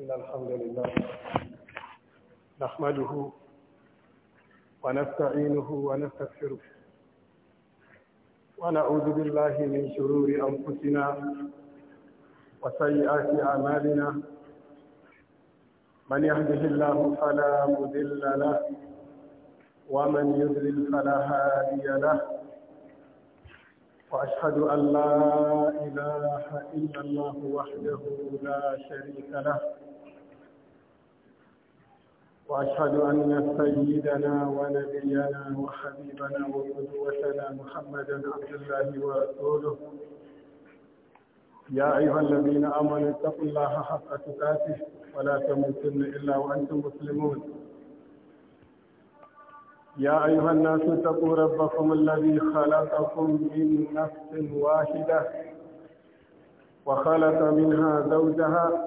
إن الحمد لله نحمده ونستعينه ونستغفره ونعوذ بالله من شرور أنفسنا وسيئات أعمالنا من يهده الله فلا مذل له ومن يذلل فلا هادي له وأشهد أن لا إله إلا الله وحده لا شريك له وأشهد أن سيدنا ونبينا وحبيبنا وقدوتنا محمدا عبد الله ورسوله يا أيها الذين آمنوا اتقوا الله حق تقاته ولا تموتن إلا وأنتم مسلمون يا أيها الناس اتقوا ربكم الذي خلقكم من نفس واحدة وخلق منها زوجها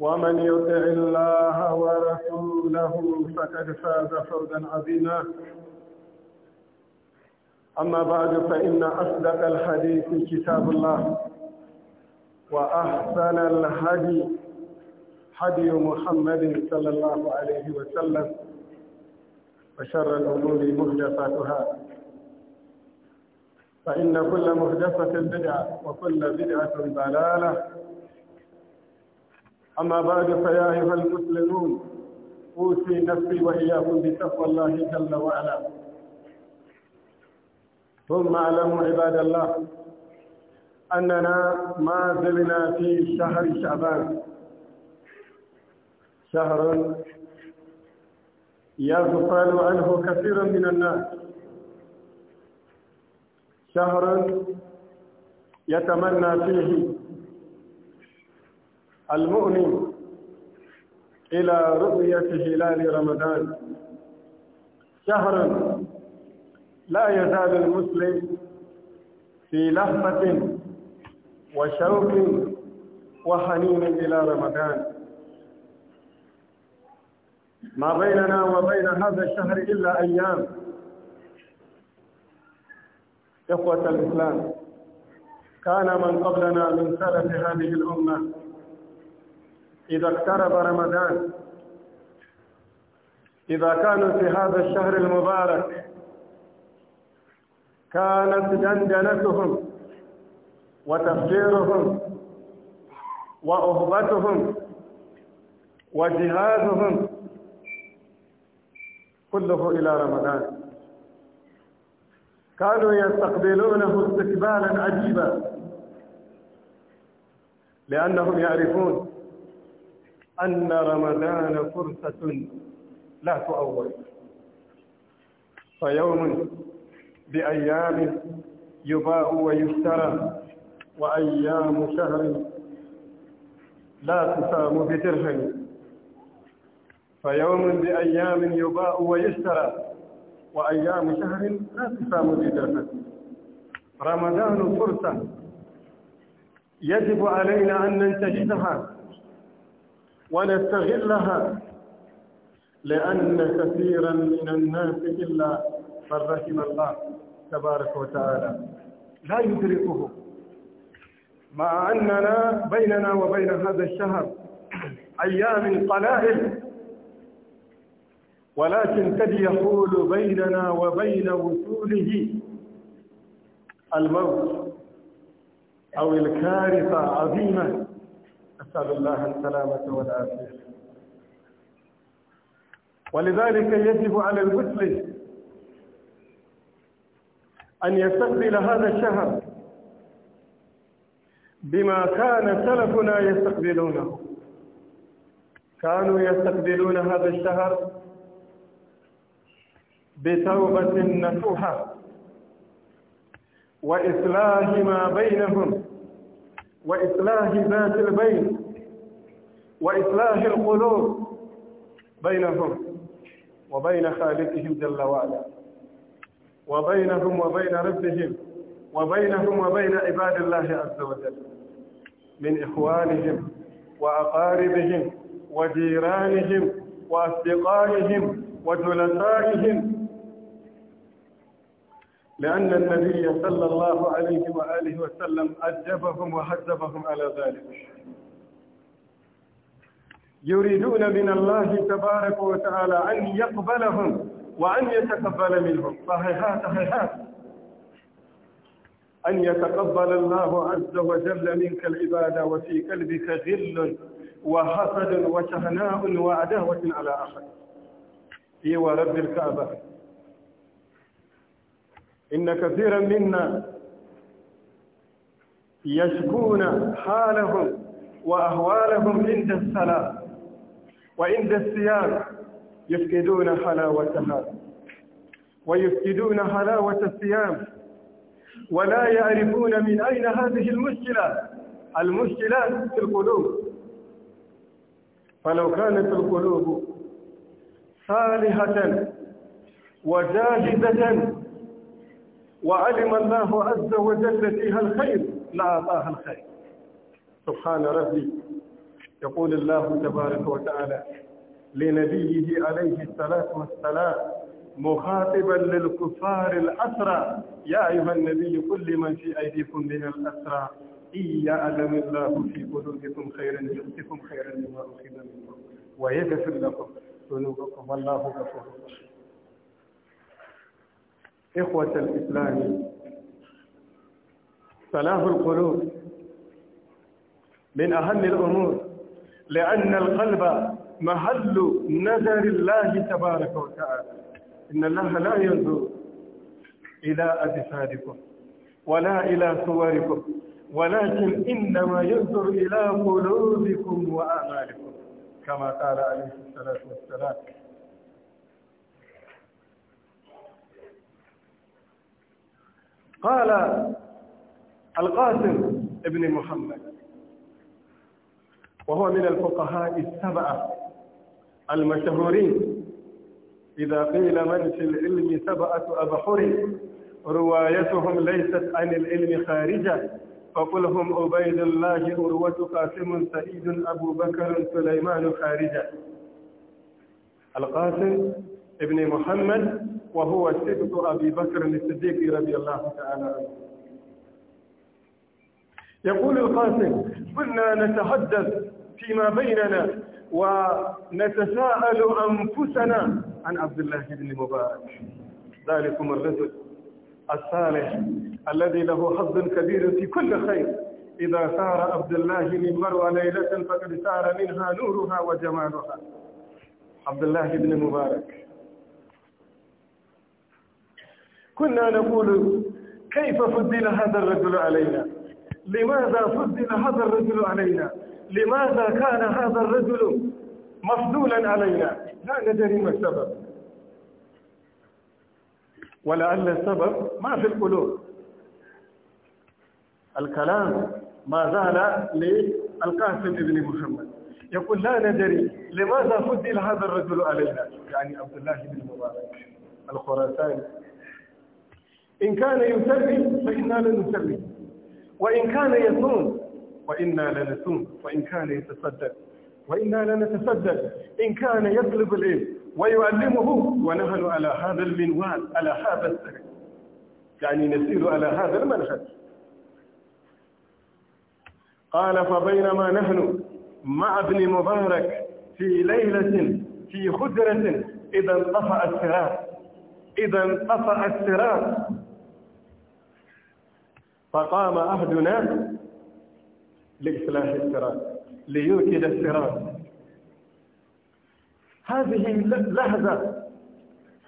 ومن يطع الله ورسوله فقد فاز فوزا عظيما أما بعد فإن أصدق الحديث كتاب الله وأحسن الهدي هدي محمد صلى الله عليه وسلم وشر الأمور محدثاتها فإن كل محدثة بدعة وكل بدعة ضلالة أما بعد فيا أيها المسلمون أوصي نفسي وإياكم بتقوى الله جل وعلا ثم اعلموا عباد الله أننا ما زلنا في شهر شعبان شهر يغفل عنه كثير من الناس شهر يتمنى فيه المؤمن إلى رؤية هلال رمضان شهر لا يزال المسلم في لحظة وشوق وحنين إلى رمضان ما بيننا وبين هذا الشهر إلا أيام إخوة الإسلام كان من قبلنا من سلف هذه الأمة إذا اقترب رمضان إذا كانوا في هذا الشهر المبارك كانت دندنتهم وتفجيرهم وأهبتهم وجهادهم كله إلى رمضان كانوا يستقبلونه استقبالا عجيبا لأنهم يعرفون أن رمضان فرصة لا تؤول فيوم بأيام يباء ويشترى وأيام شهر لا تسام بدرهم فيوم بأيام يباء ويشترى وأيام شهر لا تسام بدرهم رمضان فرصة يجب علينا أن ننتجدها ونستغلها لأن كثيرا من الناس إلا من رحم الله تبارك وتعالى لا يدركه مع أننا بيننا وبين هذا الشهر أيام قلائل ولكن قد يحول بيننا وبين وصوله الموت أو الكارثة عظيمة نسأل الله السلامة والعافية ولذلك يجب على المسلم أن يستقبل هذا الشهر بما كان سلفنا يستقبلونه كانوا يستقبلون هذا الشهر بتوبة نصوحة وإصلاح ما بينهم وإصلاح ذات البيت وإصلاح القلوب بينهم وبين خالقهم جل وعلا وبينهم وبين ربهم وبينهم وبين عباد الله عز وجل من إخوانهم وأقاربهم وجيرانهم وأصدقائهم وجلسائهم لأن النبي صلى الله عليه وآله وسلم أجبهم وهذبهم على ذلك يريدون من الله تبارك وتعالى أن يقبلهم وأن يتقبل منهم صحيحات صحيحات أن يتقبل الله عز وجل منك العبادة وفي قلبك غل وحسد وشهناء وعداوة على أحد إي ورب الكعبة إن كثيرا منا يشكون حالهم وأهوالهم عند السلام وعند الصيام يفقدون حلاوتها ويفقدون حلاوة الصيام ولا يعرفون من أين هذه المشكلة المشكلة في القلوب فلو كانت القلوب صالحة وجاهزة وعلم الله عز وجل فيها الخير لأعطاها الخير سبحان ربي يقول الله تبارك وتعالى لنبيه عليه الصلاة والسلام مخاطبا للكفار الأسرى يا أيها النبي كل من في أيديكم من الأسرى إن يعلم الله في قلوبكم خيرا يؤتكم خيرا مما أخذ منكم ويغفر لكم ذنوبكم والله غفور رحيم إخوة الإسلام صلاح القلوب من أهم الأمور لأن القلب محل نظر الله تبارك وتعالى إن الله لا ينظر إلى أجسادكم ولا إلى صوركم ولكن إنما ينظر إلى قلوبكم وأعمالكم كما قال عليه الصلاة والسلام قال القاسم ابن محمد وهو من الفقهاء السبعة المشهورين إذا قيل من في العلم سبعة أبحر روايتهم ليست عن العلم خارجة فقل هم عبيد الله أروة قاسم سعيد أبو بكر سليمان خارجة القاسم ابن محمد وهو سبط أبي بكر الصديق رضي الله تعالى عنه يقول القاسم كنا نتحدث فيما بيننا ونتساءل أنفسنا عن عبد الله بن مبارك ذلكم الرجل الصالح الذي له حظ كبير في كل خير إذا سار عبد الله من مروى ليلة فقد سار منها نورها وجمالها عبد الله بن مبارك كنا نقول كيف فضل هذا الرجل علينا لماذا فضل هذا الرجل علينا لماذا كان هذا الرجل مفضولا علينا لا ندري ما السبب ولعل السبب ما في القلوب الكلام ما زال للقاسم ابن محمد يقول لا ندري لماذا فضل هذا الرجل علينا يعني عبد الله بن مبارك الخراساني إن كان يسلم فإنا نسلم وإن كان يصوم وإنا لنسوم وإن كان يتصدق وإنا لنتصدق إن كان يطلب العلم ويعلمه ونحن على هذا المنوال على هذا السرق يعني نسير على هذا المنهج قال فبينما نحن مع ابن مبارك في ليلة في خدرة إذا انطفأ السراب إذا انطفأ السراب فقام أهدنا لإصلاح الصراط ليوكد الصراط هذه لحظة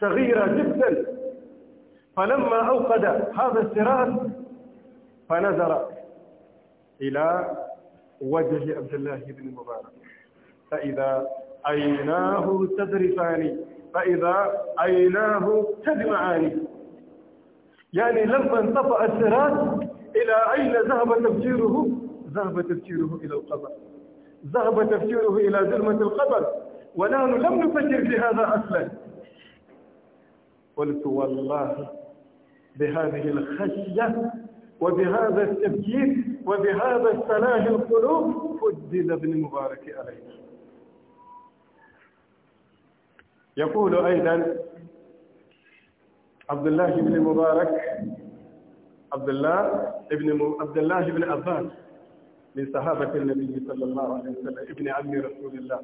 صغيرة جدا فلما أوقد هذا الصراط فنظر إلى وجه عبد الله بن المبارك فإذا عيناه تذرفان فإذا عيناه تدمعان يعني لما انطفأ الصراط إلى أين ذهب تفجيره ذهب تفكيره إلى القبر ذهب تفكيره إلى ظلمة القبر ونحن لم نفكر في هذا أصلا قلت والله بهذه الخشية وبهذا التفكير وبهذا السلاح القلوب فدد ابن مبارك عليه يقول أيضا عبد الله بن مبارك عبد الله ابن عبد الله بن عباس من صحابة النبي صلى الله عليه وسلم ابن عم رسول الله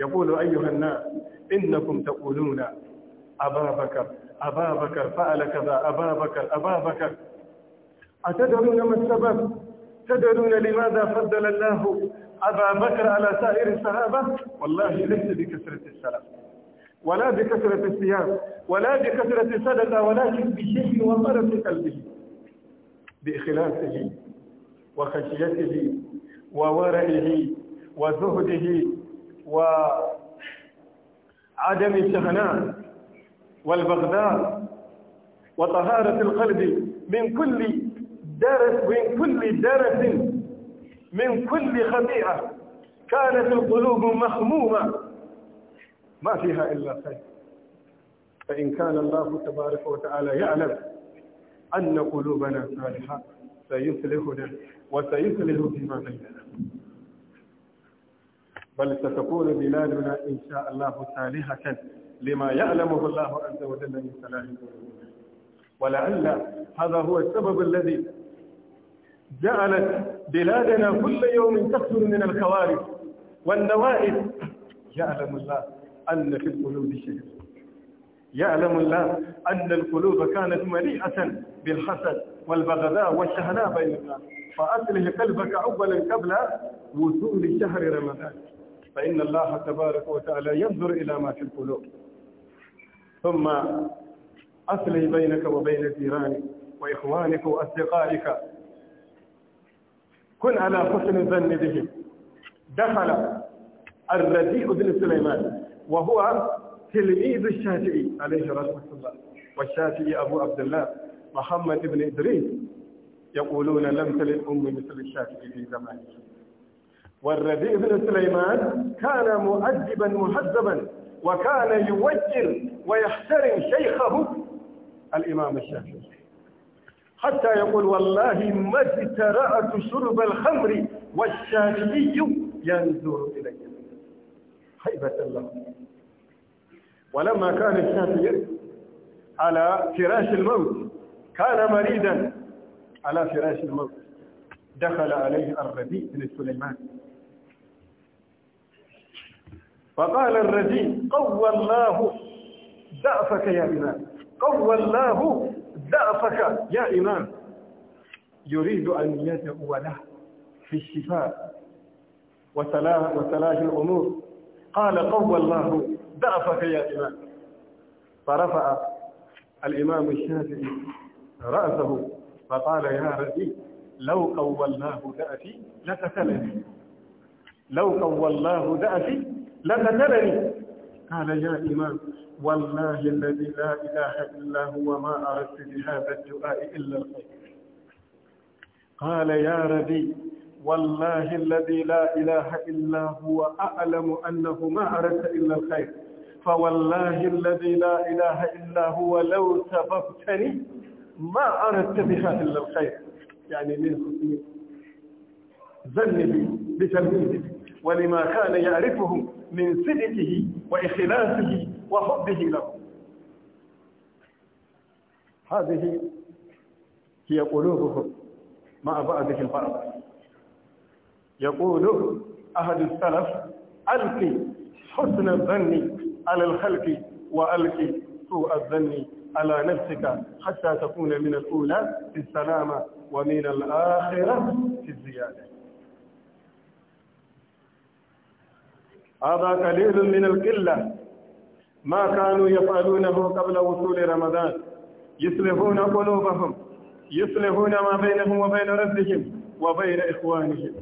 يقول أيها الناس إنكم تقولون أبا بكر أبا بكر فعل كذا أبا بكر أبا بكر أتدرون ما السبب تدرون لماذا فضل الله أبا بكر على سائر الصحابة والله ليس بكثرة السلام ولا بكثرة الصيام ولا بكثرة الصدقة ولكن بشيء وطرة قلبه بإخلاصه وخشيته وورعه وزهده وعدم الشهناء والبغداء وطهارة القلب من كل درس من كل درس من كل خطيئة كانت القلوب مخمومة ما فيها إلا خير فإن كان الله تبارك وتعالى يعلم أن قلوبنا صالحة سيصلحنا وسيصلح فيما بيننا بل ستكون بلادنا إن شاء الله صالحة لما يعلمه الله عز وجل من صلاح ولعل هذا هو السبب الذي جعلت بلادنا كل يوم تكثر من الخوارج والنوائب يعلم الله أن في القلوب شيء يعلم الله أن القلوب كانت مليئة بالحسد والبغضاء والشهناء بين الناس فأصله قلبك أولا قبل وصول شهر رمضان فإن الله تبارك وتعالى ينظر إلى ما في القلوب ثم أصله بينك وبين جيرانك وإخوانك وأصدقائك كن على حسن الظن بهم دخل الرديء بن سليمان وهو تلميذ الشافعي عليه رحمة الله والشافعي أبو عبد الله محمد بن إدريس يقولون لم تلد أمي مثل الشافعي في زمانه والربيع بن سليمان كان مؤدبا مهذبا وكان يوجر ويحترم شيخه الإمام الشافعي حتى يقول والله ما اجترأت شرب الخمر والشافعي ينظر إلي هيبة له ولما كان الشافعي على فراش الموت كان مريدا على فراش الموت دخل عليه الربيع بن سليمان فقال الربيع قوى الله ضعفك يا إمام قوى الله ضعفك يا إمام يريد أن يدعو له في الشفاء وسلاح, وسلاح الأمور قال قوى الله ضعفك يا إمام فرفع الإمام الشافعي رأسه فقال يا ربي لو قولناه دأتي لقتلني لو قولناه دأتي لقتلني قال يا إمام والله الذي لا إله إلا هو ما أردت بهذا الدعاء إلا الخير قال يا ربي والله الذي لا إله إلا هو أعلم أنه ما أردت إلا الخير فوالله الذي لا إله إلا هو لو سببتني ما أردت بها إلا الخير يعني من حسن ذنبي بتلميذه ولما كان يعرفه من صدقه وإخلاصه وحبه له هذه هي قلوبهم مع بعضه البعض يقول أحد السلف ألقي حسن الظن على الخلق وألقي سوء الظن على نفسك حتى تكون من الأولى في السلامة ومن الآخرة في الزيادة هذا قليل من القلة ما كانوا يفعلونه قبل وصول رمضان يصلحون قلوبهم يصلحون ما بينهم وبين ربهم وبين إخوانهم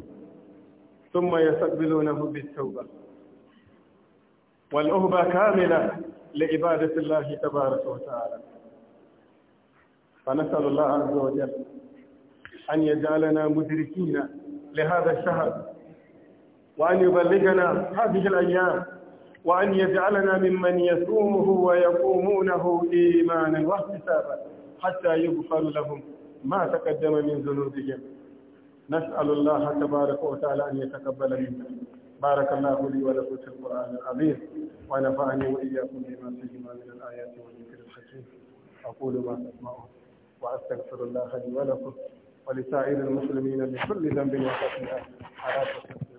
ثم يستقبلونه بالتوبة والأهبة كاملة لعبادة الله تبارك وتعالى فنسأل الله عز وجل أن يجعلنا مدركين لهذا الشهر وأن يبلغنا هذه الأيام وأن يجعلنا ممن يصومه ويقومونه إيمانا واحتسابا حتى يغفر لهم ما تقدم من ذنوبهم نسأل الله تبارك وتعالى أن يتقبل منا بارك الله لي ولكم في القرآن العظيم ونفعني وإياكم بما فيهما من الآيات والذكر الحكيم أقول ما تسمعون وأستغفر الله لي ولكم ولسائر المسلمين لكل ذنب وخطيئة على تسلم